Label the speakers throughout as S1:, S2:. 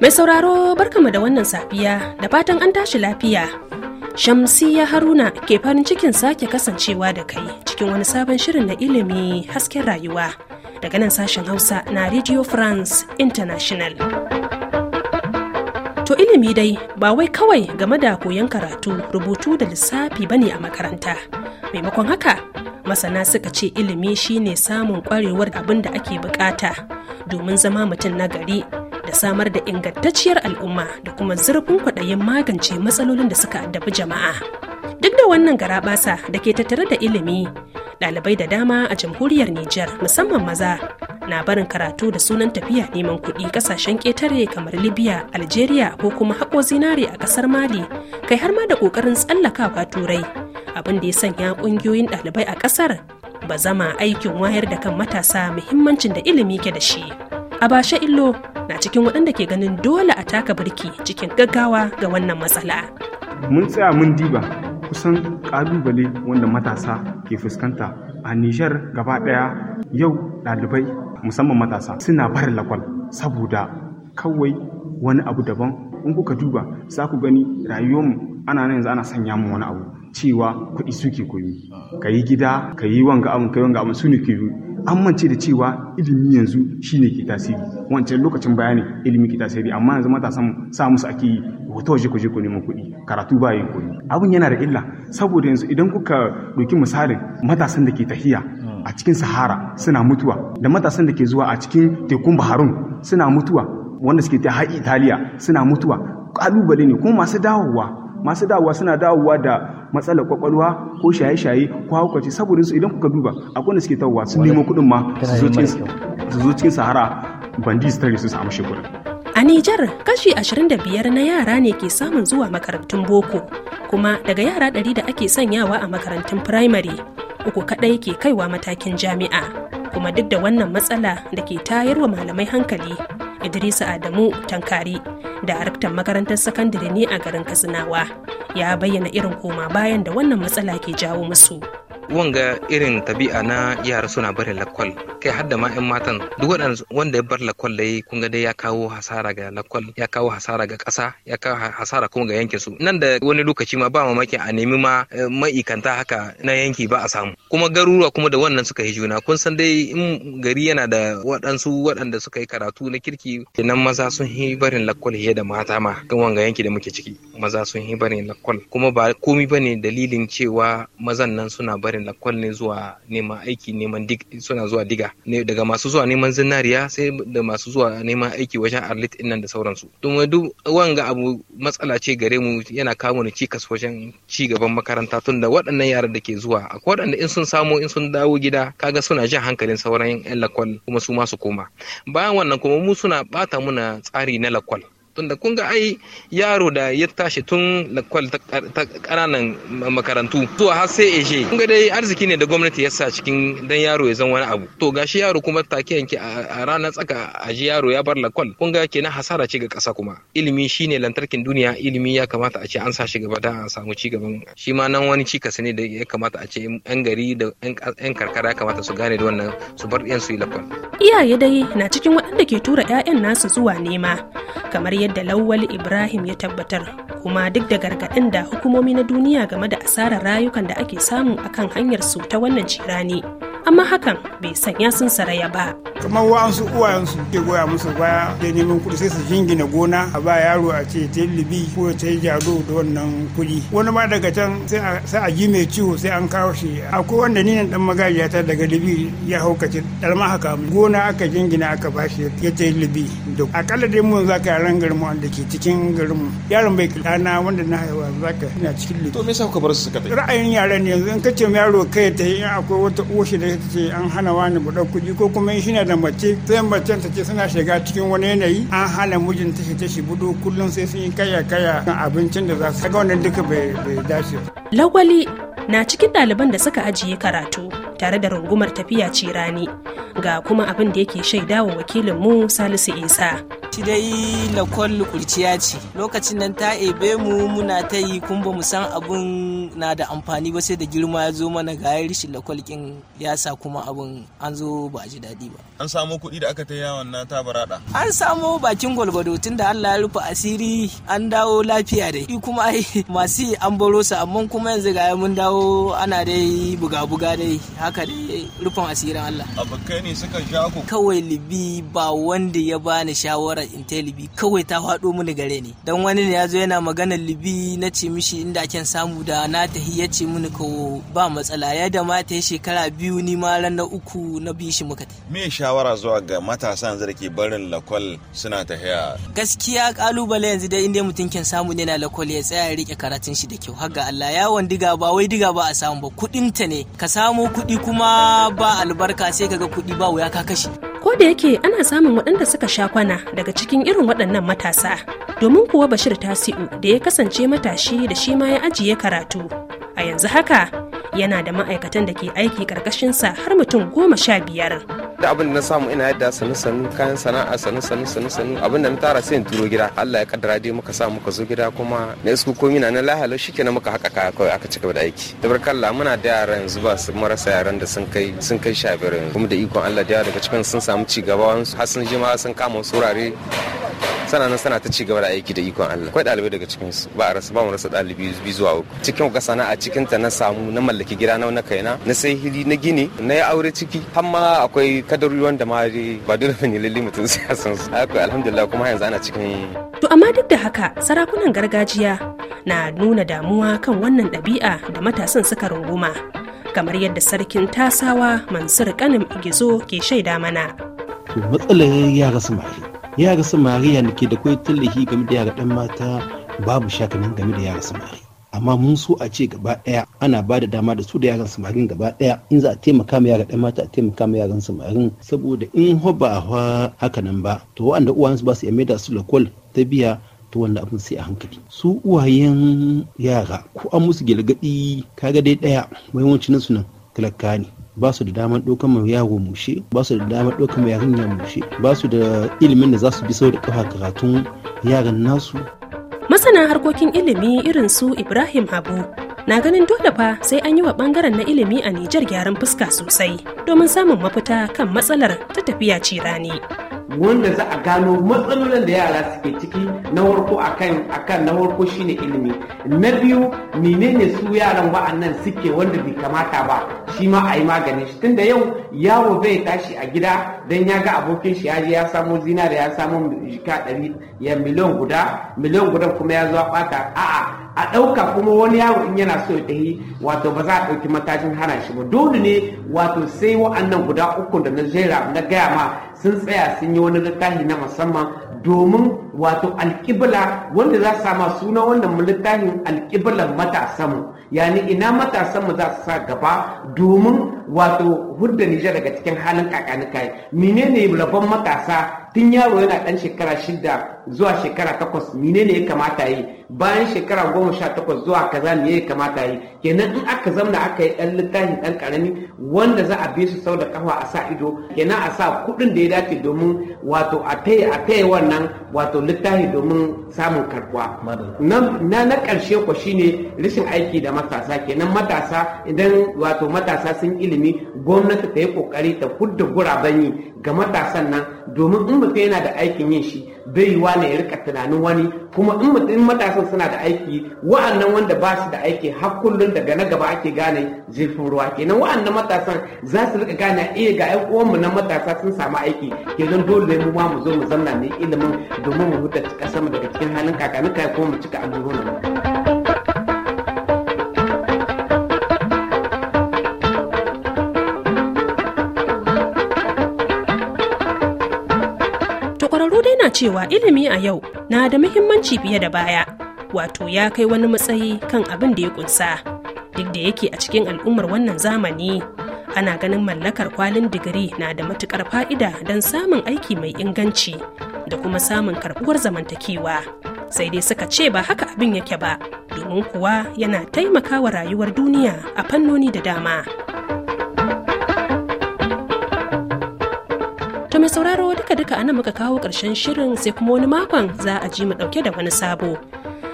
S1: Mai sauraro barkama da wannan safiya da fatan an tashi lafiya. Shamsiya Haruna ke farin cikin sake kasancewa da kai cikin wani sabon shirin na ilimi hasken rayuwa daga nan sashen Hausa na Radio France International. To ilimi dai ba wai kawai game da koyon karatu, rubutu da lissafi bane a makaranta. Maimakon haka, masana suka ce ilimi shine samun kwarewar abin da ake bukata domin zama mutum na gari da samar da ingantacciyar al'umma da kuma zurfin kwaɗayin magance matsalolin da suka addabi jama'a duk da wannan garabasa da ke tattare da ilimi ɗalibai da dama a jamhuriyar nijar musamman maza na barin karatu da sunan tafiya neman kuɗi ƙasashen ƙetare kamar libya algeria ko kuma haƙo zinare a ƙasar mali kai har ma da ƙoƙarin tsallakawa turai abin da ya sanya kungiyoyin ɗalibai a ƙasar ba zama aikin wayar da kan matasa muhimmancin da ilimi ke da shi. a Abasha Illo na cikin waɗanda ke ganin dole a taka birki cikin gaggawa ga wannan matsala.
S2: Mun tsaya mun diba kusan ƙalubale wanda matasa ke fuskanta a Nijar gaba ɗaya yau ɗalibai musamman matasa suna barin lakwal saboda kawai wani abu daban in kuka duba za ku gani rayuwarmu ana nan yanzu ana sanya mu wani abu cewa kuɗi suke koyi ka yi gida ka yi wanga abin ka yi wanga abin su ne ke an mance da cewa ilimi yanzu shine ke tasiri wancan lokacin bayani ilimi ke tasiri amma yanzu matasan sa musu ake yi wata waje ku neman kuɗi karatu ba yin koyi abin yana da illa saboda yanzu idan kuka ɗauki misalin matasan da ke tahiya a cikin sahara suna mutuwa da matasan da ke zuwa a cikin tekun baharun suna mutuwa wanda suke ta har italiya suna mutuwa ƙalubale ne kuma masu dawowa masu dawowa suna dawowa da matsalar kwakwalwa ko shaye-shaye ko haukaci saboda su idan kuka duba akwai da suke tawowa sun nemo kuɗin ma su zo cikin sahara bandi su tare su samu shi
S1: a nijar kashi 25 na yara ne ke samun zuwa makarantun boko kuma daga yara 100 da ake sanyawa a makarantun firamare uku kaɗai ke kaiwa matakin jami'a kuma duk da wannan matsala da ke tayar wa malamai hankali idrisa adamu tankari daraktan makarantar sakandare ne a garin katsinawa ya bayyana irin koma bayan da wannan matsala ke jawo musu.
S2: wanga irin tabi'a na yara suna barin lakwal kai hadda ma 'yan matan duk wanda ya bar lakwal da ya kun ga dai ya kawo hasara ga lakwal ya kawo hasara ga kasa ya kawo hasara kuma ga yankin su nan da wani lokaci ma ba mamaki a nemi ma eh, ma'ikanta haka na yanki ba a samu kuma garuruwa kuma da wannan suka yi juna kun san dai in gari yana da waɗansu waɗanda suka yi karatu na kirki kenan maza sun yi barin lakwal fiye da mata ma kan wanga yanki da muke ciki maza sun yi barin lakwal kuma ba komi bane dalilin cewa mazan nan suna barin irin lakwal ne zuwa neman aiki neman suna zuwa diga daga masu zuwa neman zinariya sai da masu zuwa neman aiki wajen arlit nan da sauransu domin duk wanga abu matsala ce gare mu yana kawo ni cikas wajen ci gaban makaranta tunda da waɗannan yaran da ke zuwa akwai waɗanda in sun samo in sun dawo gida kaga suna jan hankalin sauran yan lakwal kuma su ma su koma bayan wannan kuma mu suna bata muna tsari na lakwal tunda kun ga ai yaro da ya tashi tun lakwal ta ƙananan makarantu zuwa har sai eje kun ga dai arziki ne da gwamnati ya sa cikin dan yaro ya zan wani abu to gashi yaro kuma take yanke a ranar tsaka a ji yaro ya bar lakwal kun ga kenan hasara ce ga ƙasa kuma ilimi shine lantarkin duniya ilimi ya kamata a ce an sa shi gaba da a samu ci gaban shi ma nan wani cikas ne da ya kamata a ce yan gari da yan karkara ya kamata su gane da wannan su bar yan su yi lakwal
S1: iyaye dai na cikin waɗanda ke tura 'ya'yan nasu zuwa nema kamar yadda yadda Lawal Ibrahim ya tabbatar kuma duk da gargaɗin da hukumomi na duniya game da asarar rayukan da ake samu akan hanyar su ta wannan cirani amma hakan bai sanya sun saraya ba.
S3: kamar wa'ansu uwayensu ke goya musu baya da neman kudi sai su jingina gona a ba yaro a ce ta libi ko ta jado da wannan kudi wani ma daga can sai a ji mai ciwo sai an kawo shi akwai wanda ni dan magajiya ta daga libi ya haukace dar ma haka gona aka jingina aka bashi ya ta libi duk akalla dai mun zaka ka garin mu wanda ke cikin garinmu yaron bai na wanda na haihuwa zaka ina cikin
S2: libi. to me yasa kuka bar su suka tafi. ra'ayin
S3: yaran yanzu in kace yaro kai ta yi akwai wata uwa shi da ta ce an hana wani buɗar kuɗi ko kuma in shina da mace sai macen ta ce suna shiga cikin wani yanayi an hana mijin ta shige shi budo kullum sai sun yi kaya kaya kan abincin da za su ga wannan duka bai dace.
S1: Lawali na cikin ɗaliban da suka ajiye karatu tare da rungumar tafiya ce rani ga kuma abin da yake shaidawa wakilinmu Salisu Isa. shi dai lakwal kurciya ce lokacin nan ta ebe mu muna ta yi kun ba mu san abun na da amfani ba sai da girma ya zo mana ga ya rishin lakwal ya sa kuma abun an zo ba ji daɗi ba an
S2: samo kuɗi da aka ta yawon na ta barada
S1: an samo bakin gwalgwado tun da Allah ya rufe asiri an dawo lafiya dai kuma ai masu an baro su amma kuma yanzu ga mun dawo ana dai buga-buga dai haka dai rufe asirin Allah abokai ne suka sha ku kawai libi ba wanda ya bani shawara fassara intelibi kawai ta faɗo mini gare ni don wani ne ya zo yana magana libi na ce mishi inda ake samu da na tahi ya ce mini kawo ba matsala ya da mata ta shekara biyu ni ma ran na uku na bi shi muka
S2: me shawara zuwa ga matasan yanzu da ke barin lakwal suna tahiya
S1: gaskiya kalubale yanzu dai inda mutum kan samu ne na lakwal ya tsaya ya rike karatun shi da kyau har ga Allah yawon diga ba wai diga ba a samu ba kuɗin ta ne ka samu kuɗi kuma ba albarka sai kaga kuɗi ba wuya ka kashe ko da yake ana samun waɗanda suka sha kwana daga cikin irin waɗannan matasa domin kuwa bashir tasi'u da ya kasance matashi da shi ma ya ajiye karatu a yanzu haka yana da ma'aikatan da ke aiki sa har mutum goma sha biyar.
S3: da abin da na samu ina yadda sanu sanu kayan sana'a sanu sanu sanu sanu abin da na tara sai in turo gida Allah ya kaddara dai muka sa muka zo gida kuma na isku komi na lahala na muka haka kaya kawai aka cigaba da aiki tabarkalla muna da yara yanzu ba su marasa yaran da sun kai sun kai sha yanzu kuma da ikon Allah da daga cikin sun samu ci gaba har sun jima sun kama wasu wurare nan sana ta ci gaba da aiki da ikon Allah akwai dalibai daga cikin su ba a rasa ba mu rasa dalibi biyu zuwa uku cikin ga sana'a cikin ta na samu na mallaki gida na na kaina na sai hili na gini na ya aure ciki har ma akwai kadarori wanda ma ba dole ne lalle mutum sai san su akwai alhamdulillah kuma yanzu ana cikin
S1: to amma duk da haka sarakunan gargajiya na nuna damuwa kan wannan ɗabi'a da matasan suka runguma kamar yadda sarkin tasawa mansur kanin gizo ke shaida mana
S3: to matsalar yara samari yara samariya da ke da kai tallahi game da yara ɗan mata babu shakanin game da yara samari amma mun so a ce gaba ɗaya ana ba da dama da su da yaran samarin gaba ɗaya in za a taimaka ma yara ɗan mata a taimaka ma yaran samarin saboda in ho ba haka nan ba to waɗanda uwansu ba su iya maida su lakol ta biya to wanda abin sai a hankali su uwayen yara ko an musu gilgadi kaga dai ɗaya mahimmancin su nan talaka ne ba su da damar ɗaukar mai yawo mushe ba su da damar ɗaukar mai yarinya mushe ba su da ilimin da za su bi sau da kafa karatun yaran nasu
S1: masana harkokin ilimi irin su ibrahim habu na ganin dole fa sai an yi wa bangaren na ilimi a nijar gyaran fuska sosai domin samun mafita kan matsalar ta tafiya cirani. rani wanda za
S3: a gano matsalolin da yara suke ciki na warko akan akan na warko shine ilimi na biyu menene su yaran wa'annan suke wanda bai kamata ba shi ma a yi maganin shi tunda yau yawo bai tashi a gida dan ya ga abokin shi yaji ya samo zinari ya samo jika ɗari ya miliyan guda miliyan guda kuma ya zo a ɓata a'a a ɗauka kuma wani yaro in yana so ya tafi wato ba za a ɗauki matakin hana shi ba dole ne wato sai wa'annan guda uku da na jera na gaya ma sun tsaya sun yi wani littafi na musamman domin wato alƙibla wanda za sunan sama suna wannan littafin alƙiblan matasanmu yani ina mu za su sa gaba domin wato hudda Nijar daga cikin halin kakanikai menene rabon matasa tun yaro yana ɗan shekara shida zuwa shekara takwas ne ya kamata yi bayan shekara goma sha takwas zuwa kaza ne ya kamata yi kenan in aka zamna aka yi dan littafi dan karami wanda za a bi su sau da kafa a sa ido kenan a sa kuɗin da ya dace domin wato a taya a taya wannan wato littafi domin samun karbuwa na na karshe ko shine rashin aiki da matasa kenan matasa idan wato matasa sun ilimi gwamnati ta yi ƙoƙari ta kudda guraben yi ga matasan nan domin in mutum yana da aikin yin shi bai wa wani ya rika tunanin wani kuma in mutum matasan suna da aiki wa'annan wanda ba su da aiki har kullum daga na gaba ake gane zirfin ruwa kenan wa'annan matasan za su rika gane iya eh, ga ƴan uwanmu na matasa sun samu aiki kenan dole mu ma mu zo mu zanna ne ilimin domin mu huta kasar daga cikin halin kakanin kai kuma mu cika allurorin mu
S1: cewa ilimi a yau na da muhimmanci fiye da baya wato ya kai wani matsayi kan abin da ya kunsa duk da yake a cikin al'ummar wannan zamani ana ganin mallakar kwalin digiri na da matukar fa'ida don samun aiki mai inganci da kuma samun karbuwar zamantakewa sai dai suka ce ba haka abin yake ba domin kuwa yana taimakawa rayuwar duniya a fannoni da dama To mai sauraro duka-duka anan muka kawo ƙarshen shirin sai kuma wani makon za a ji mu ɗauke da wani sabo.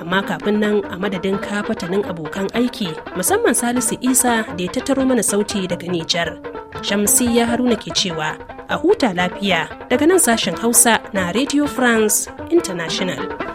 S1: Amma kafin nan a madadin kafatanin abokan aiki musamman Salisu Isa da ya tattaro mana sauti daga Nijar. Shamsiyya Haruna ke cewa a huta lafiya daga nan sashen Hausa na Radio France International.